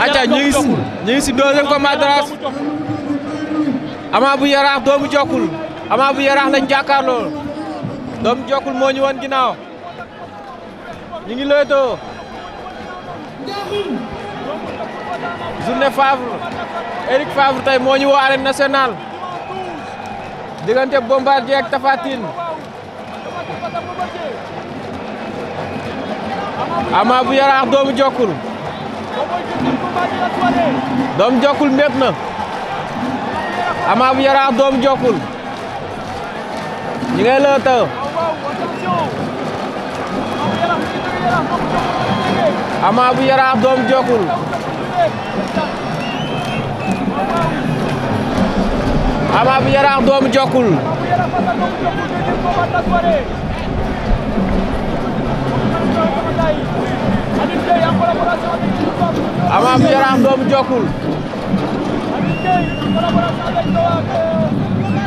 acca ñu si ñu si deuxième combat drace Ama bu Yaraax doomu Jokkul Ama bu Yaraax lañ jàkkaarloo doomu Jokkul moo ñu woon ginnaaw ñu ngi lëytoo journée Favre Eric Favre tey moo ñu woo arène diggante Bombardier ak Tapha Tine bu Yaraax doomu Jokkul doom jokkul metna na Ama bu Yaraax doom jokkul ñi ngay lëëtëë Ama bu Yaraax doom jokkul Ama bu Yaraax doom jokkul Waaw Yarax doomu Jokkul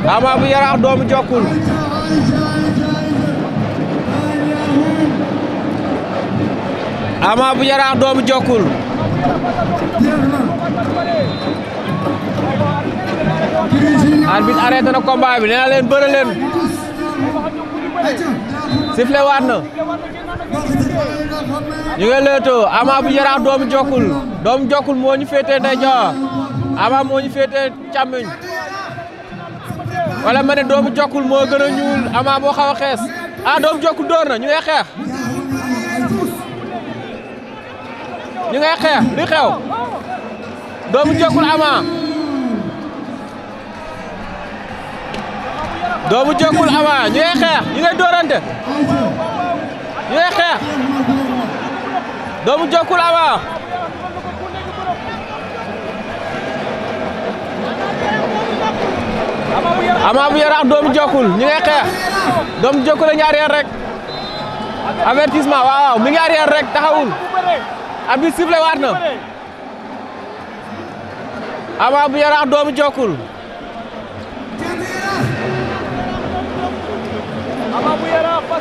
Ama bu Yarax doomu Jokkul Ama bu Yarax doomu Jokkul arbitre arrêté na combat bi nee na leen bëre sifle waat ñu ngi leetoo Ama bu Yaraax doomu Jokkul doomu Jokkul moo ñu féetee ndeyjoor Ama moo ñu féetee càmmoñ wala ma ne doomu Jokkul moo gën ñuul Ama moo xaw a xees ah doomu Jokkul door na ñu ngay xeex ñu ngay xeex li xew doomu Jokkul Ama doomu Jokkul Ama ñu ngay xeex ñu doomu Jokkul Ama Ama bu Yaraax doomu Jokkul ñu ngay doomu Jokkul a ngi arrière rek avertissement waaw mi ngi arrière rek taxawul abi sifflé waat na Ama bu Yaraax doomu Jokkul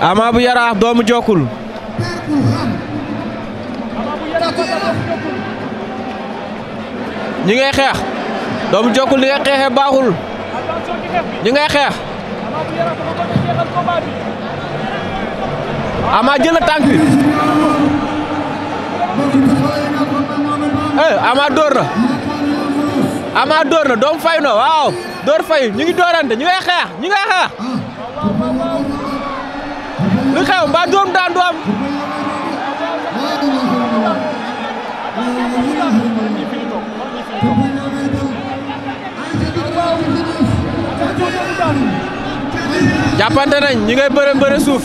Ama bu Yaraax doomu jookul ñi ngay xeex doomu Jokkul li ngay xeexee ñi ngay xeex Ama jël na tànk bi eh Ama dóor na Ama dóor na doomu fay na waaw dóor fay ñu ngi dóorante ñi ngay ñi ngay lu xew mbaa suuf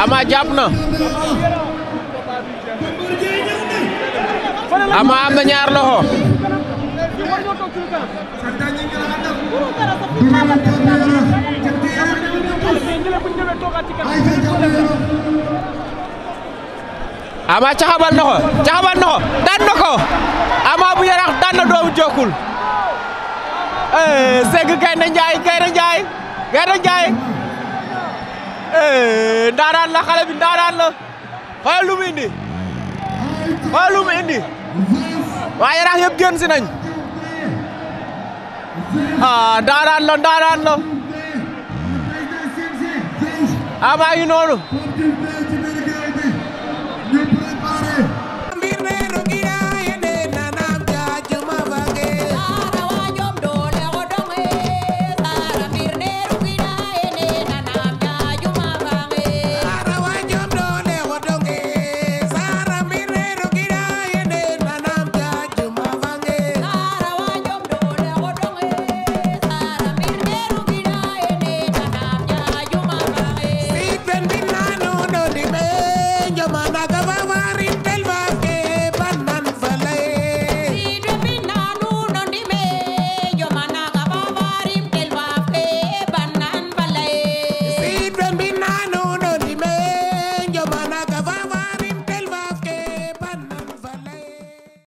ama jàpp na ama am na ñaar ama caxabal na ko caxabal na ko daan na ko ama bu yarax daan na doomu jokkul eh, segg gaynde njaay gaynde njaay gaynde njaay eh, ndaaraan la xale ndaaraan la xoolal indi xoolal indi waa yarax yëpp génn si nañ ah ndaaraan la ndaaraan la ama yu noonu